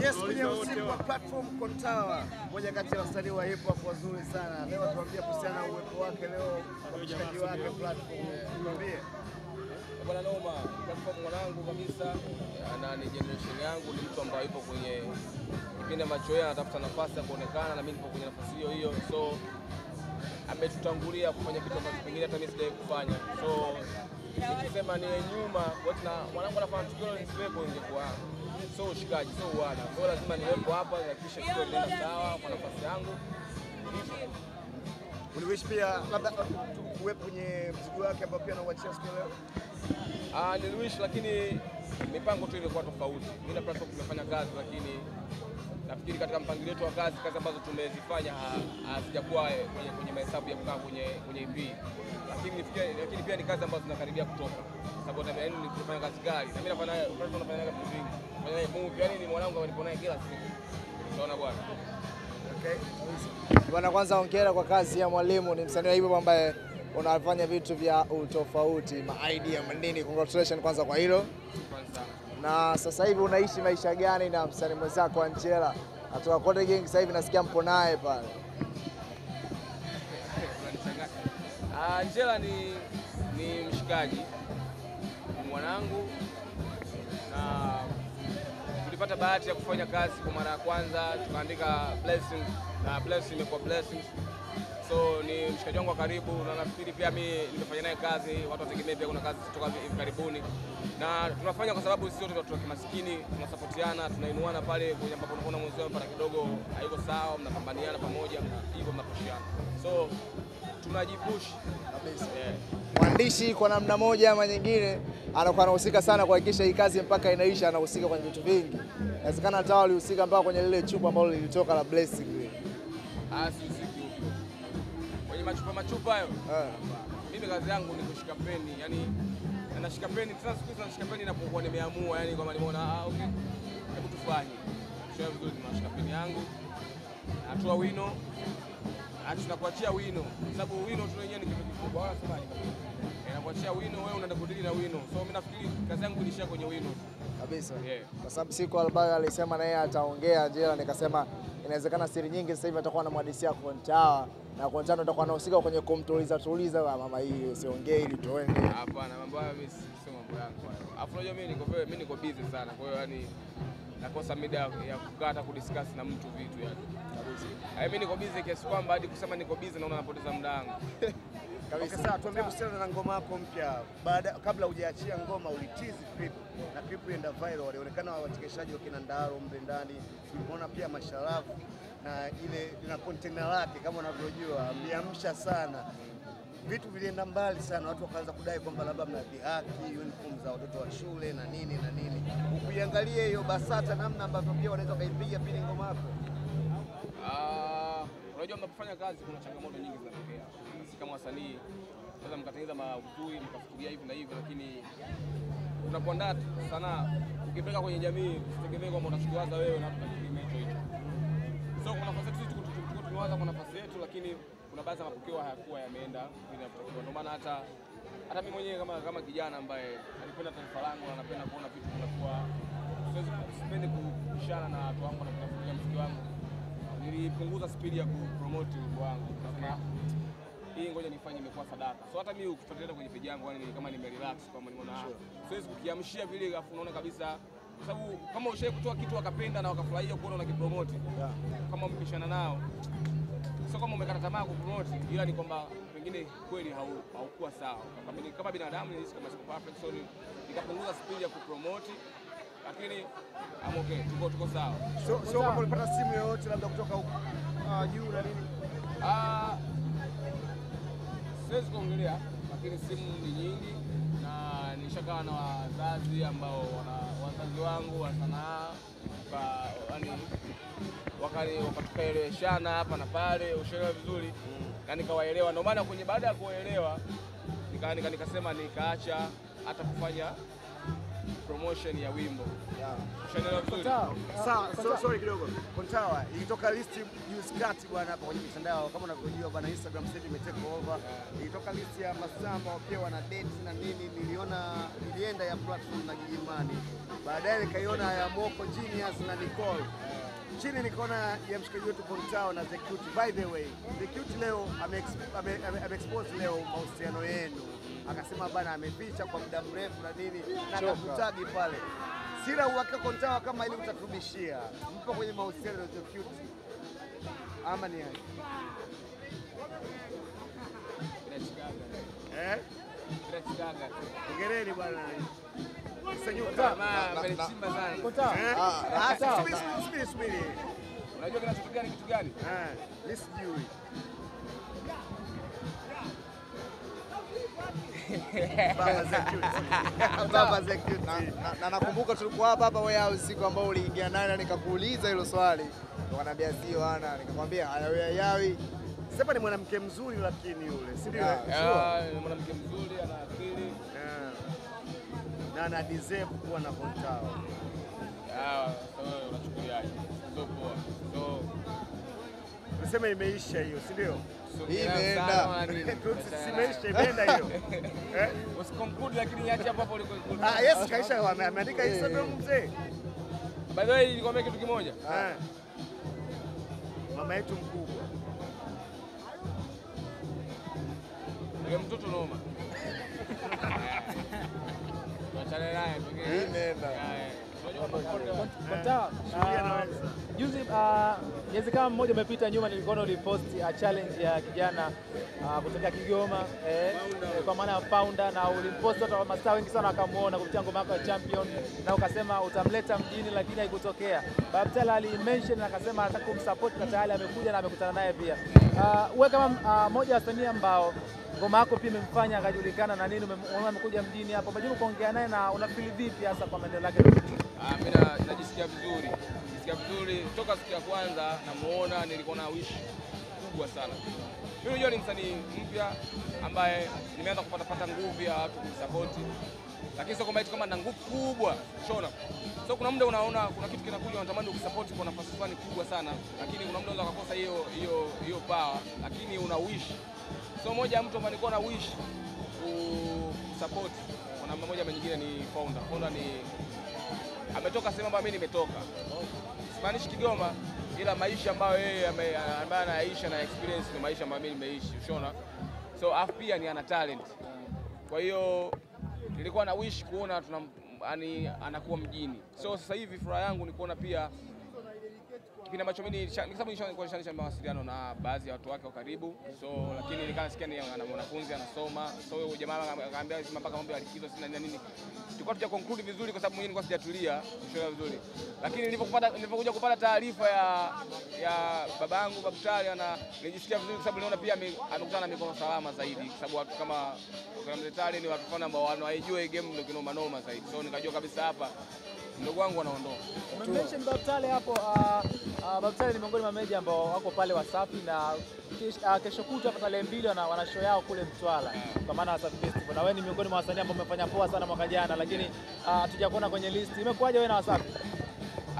Yes, kwenye usiku wa platform Kontawa, moja kati ya wasanii wa hip hop wazuri sana. Leo tuambie kuhusiana na uwepo wake leo, upatikanaji wake platform, tuambie bwana Noma, platform mwanangu kabisa, na ni generation yangu, ni mtu ambaye yupo kwenye kipindi ambacho yeye anatafuta nafasi ya kuonekana, na mimi nipo kwenye nafasi hiyo hiyo so ametutangulia kufanya kitu ambacho pengine hata mimi sijawahi kufanya. So nikisema ni nyuma na mwanangu anafanya tukio lolote nisiwepo, ingekuwa so ushikaji, so uana, so lazima niwepo hapa nihakikishe tukio linaenda sawa kwa nafasi yangu. Uliwish pia labda uwe kwenye mzigo wake ambao pia anauachia siku leo? Ah, niliwish, lakini mipango tu ilikuwa tofauti. Mimi na Platform tumefanya kazi lakini nafikiri katika mpangilio wetu wa kazi, kazi ambazo tumezifanya hazijakuwa eh, kwenye, kwenye mahesabu ya kukaa kwenye, kwenye IP, lakini, lakini pia ni kazi ambazo zinakaribia kutoka sababu na mimi kazi gari na mimi nafanya kazi nafanya kazi vingi kwa hiyo Mungu yani ni mwanangu alipo naye kila siku unaona bwana okay bwana kwanza hongera kwa kazi ya mwalimu ni msanii hivyo ambaye unafanya vitu vya utofauti ma idea manini congratulations kwanza kwa hilo na sasa hivi unaishi maisha gani na msanii mwenzako Angela atoka Konde Gang? Sasa hivi nasikia mpo naye pale. Ah, Angela ni, ni mshikaji mwanangu na tulipata bahati ya kufanya kazi kwa mara ya kwanza, tukaandika Blessing na Blessing imekuwa Blessings so ni mshikaji wangu wa karibu, na nafikiri pia mimi nimefanya naye kazi, watu wategemee pia kuna kazi kutoka hivi karibuni, na tunafanya kwa sababu sisi wote watu kimaskini, tunasapotiana, tunainuana pale kwenye ambapo unaona mwenzio amepata kidogo haiko sawa, mnapambaniana pamoja, hivyo mnapushiana, so tunajipush kabisa yeah. Mwandishi kwa namna moja ama nyingine anakuwa anahusika sana kuhakikisha hii kazi mpaka inaisha, anahusika kwenye vitu vingi. Inawezekana hata walihusika mpaka kwenye lile chupa ambalo lilitoka la blessing. Ah, kwenye machupa machupa hayo. Eh. Mimi kazi yangu ni kushika peni, yani nashika peni tena, siku hizi nashika peni napokuwa nimeamua, yani kama nimeona ah, okay, hebu tufanye sio vizuri, nashika peni yangu natoa wino acha tunakuachia wino, sababu wino tuna yenyewe ni kitu kikubwa, wala sema ni inakuachia wino, wewe unaenda kudili na wino. So mimi nafikiri kazi yangu ilishia kwenye wino kabisa yeah. Kwa sababu siku ambayo alisema na yeye ataongea jela, nikasema inawezekana siri nyingi sasa hivi atakuwa anamhadisia Kontawa na Kontawa Kontano atakuwa anahusika kwenye kumtuliza tuliza, mama hii usiongee ili tuende. Hapana, mambo hayo mimi sio mambo yangu. Afu unajua mimi niko mimi niko busy sana, kwa hiyo yani nakosa muda ya kukata hata kudiscuss na mtu vitu yani. Kabisa. Yaani mimi niko busy kiasi kwamba hadi kusema niko busy naona napoteza muda wangu. Kabisa. Okay, tuambie kuhusiana na ngoma yako mpya. Baada kabla hujaachia ngoma ulitizi clip na clip ienda viral, walionekana wachekeshaji wakina Ndaro mbe ndani. tumeona pia Masharafu na ile na container lake kama unavyojua mliamsha sana vitu vilienda mbali sana, watu wakaanza kudai kwamba labda mnadhihaki uniform za watoto wa shule na nini na nini. Ukiangalia hiyo BASATA namna ambavyo pia wanaweza wakaipiga pili ngoma yako. Ah, Unajua, mnapofanya kazi kuna changamoto nyingi zinatokea. Sisi kama wasanii naweza mkatengeneza maudhui mkafikiria hivi na hivi, lakini unapoandaa sanaa ukipeleka kwenye jamii, usitegemee kwamba unachokiwaza wewe na mtu hicho hicho. So kuna nafasi yetu sisi tunawaza kwa nafasi yetu, lakini kuna baadhi ya mapokeo hayakuwa yameenda vile inavyotakiwa. Ndio maana hata hata mimi mwenyewe kama kama kijana ambaye alipenda taifa langu na anapenda kuona vitu vinakuwa, siwezi sipendi kushana na watu wangu na kufuatilia mziki wangu nilipunguza spidi ya kupromote wimbo wangu, kama hii ngoja nifanye imekuwa sadaka. So hata mimi ukifuatilia kwenye peji yangu, yani kama nime relax kama niona ah, sure. siwezi kukiamshia vile, alafu unaona kabisa kwa sababu kama ushawahi kutoa kitu wakapenda na wakafurahia kuona unakipromote yeah. kama umepishana nao sio kama umekata tamaa kupromote, ila ni kwamba pengine kweli haukuwa hau sawa. Kama binadamu nilihisi kama siko perfect, so nikapunguza spidi ya kupromote lakini I'm okay, tuko tuko sawa. So, so kama ulipata simu yoyote labda kutoka huko ah, juu na nini? Ah, siwezi kuongelea, lakini simu ni nyingi na nishakaa na wazazi ambao wana wazazi wangu wa sanaa yani wakali wakatukaeleweshana hapa na pale, ushaelewa vizuri mm. na nikawaelewa. Ndio maana kwenye baada ya kuwaelewa nikasema nika, nika nikaacha hata kufanya promotion ya wimbo. Sawa, sorry kidogo. Kontawa ilitoka listi juzi kati bwana hapa kwenye mitandao kama unavyojua bwana, Instagram sasa ime take over. Ilitoka listi ya masamba wapewa na dates na nini, niliona ilienda ya platform na Gigimani, baadaye nikaiona ya Moko Genius na Nicole chini nikaona ya mshikaji wetu Kontao na The Cute. By the way, The Cute leo ame, ame, ame, ame expose leo mahusiano yenu akasema bana, ameficha kwa muda mrefu na nini na akakutagi pale. Sina uhakika kontawa kama ili utakurudishia. Mpo kwenye mahusiano ya cute ama ni aje? Eh? Ongereni bwana. Subiri, subiri, subiri. Unajua kinachotokea ni kitu gani? Eh, mimi sijui. na nakumbuka tulikuwa hapa hapa wewe au siku ambao uliingia nani, nikakuuliza hilo swali, ukaniambia sio ana, nikakwambia hayawi hayawi. Sepa ni mwanamke mzuri lakini yule, si ndio? Ah, mwanamke mzuri ana akili na ana deserve kuwa na kontao. Ah, unachukuliaje? Sio poa, sio tuseme imeisha hiyo, si ndio? Imeenda. Simeisha, imeenda hiyo. Usikonclude lakini iache hapo hapo ulikokuwa. Ah, yes, kaisha ameandika Instagram mzee. By the way, nilikwambia kitu kimoja. Mama yetu mkubwa. Yule mtoto noma. Tuachane naye pengine. Imeenda. Juzi uh, miezi kama mmoja umepita nyuma nilikuona ulipost a challenge ya kijana uh, ah, kutoka Kigoma eh, eh, kwa maana ya founder na ulimpost hata mastaa wengi sana wakamuona kupitia ngoma yako ya champion, na ukasema utamleta mjini, lakini haikutokea. Babtala mention na akasema anataka kumsupport na tayari amekuja na amekutana naye pia. Uh, wewe kama uh, moja wa wasanii ambao ngoma yako pia imemfanya akajulikana na nini, amekuja mjini hapa Bajuku kuongea naye, na unafili vipi hasa kwa maendeleo yake? Ah, mimi najisikia vizuri, najisikia vizuri toka siku ya kwanza namuona, nilikuwa na wish kubwa sana. Mimi unajua ni msanii mpya ambaye nimeanza kupata pata nguvu ya watu kunisapoti, lakini sio kwamba eti kama na nguvu kubwa shona. So kuna muda unaona kuna kitu kinakuja unatamani ukisupport kwa nafasi fulani kubwa sana, lakini kuna muda unaweza kukosa hiyo hiyo hiyo power, lakini una wish so moja mtu ambaye nilikuwa na wish ku support namna mmoja ama nyingine ni founder. Founder ni ametoka sehemu ambayo mimi nimetoka, Spanish Kigoma, ila maisha ambayo yeye ambaye anaishi na experience ni maisha ambayo mimi nimeishi, ushona. So afu pia ni ana talent, kwa hiyo nilikuwa na wish kuona tuna, ani, anakuwa mjini. So sasa hivi furaha yangu ni kuona pia kipindi ambacho mimi kwa sababu nilishaanza mawasiliano na baadhi ya watu wake wa karibu, so lakini nilikaa sikia ni ana mwanafunzi anasoma, so huyo jamaa akaambia sima mpaka mambo ya likizo sina na nini, tulikuwa tuja conclude vizuri, kwa sababu mwenyewe nilikuwa sijatulia kushona vizuri, lakini nilipokupata nilipokuja kupata taarifa ya ya babangu Babutali ana nilijisikia vizuri, kwa sababu niona pia amekutana na mikono salama zaidi, kwa sababu watu kama kama Tali ni watu fana ambao wanaijua game ndio kinoma noma zaidi, so nikajua kabisa hapa ndugu wangu wanaondoka. Umemmention Baptale hapo. Uh, uh, ni miongoni mwa meja ambao wako pale Wasafi na kesh, uh, kesho kutwa tarehe mbili wana, wana show yao kule Mtwara kwa maana Wasafi Festival, na wewe ni miongoni mwa wasanii ambao umefanya poa sana mwaka jana, lakini tujakuona uh, kwenye list. Imekuwaje wewe na Wasafi?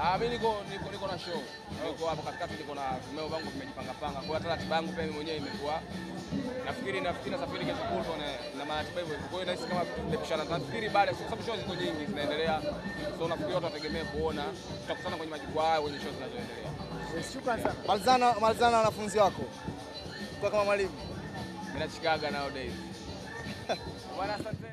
Ah, mimi niko niko niko na show. Niko hapo katikati niko na vimeo vangu vimejipanga panga. Kwa hiyo hata ratiba yangu pia mwenyewe imekuwa nafikiri nafikiri nasafiri kesho kutwa na ratiba hivyo. Kwa hiyo nahisi kama tumepishana. Nafikiri baada kwa sababu show ziko nyingi zinaendelea. So nafikiri watu wategemee kuona tutakutana kwenye majukwaa kwenye show zinazoendelea. Shukrani sana. Malizana malizana wanafunzi wako. Kwa kama mwalimu. Ninachikaga nowadays. Bwana asante.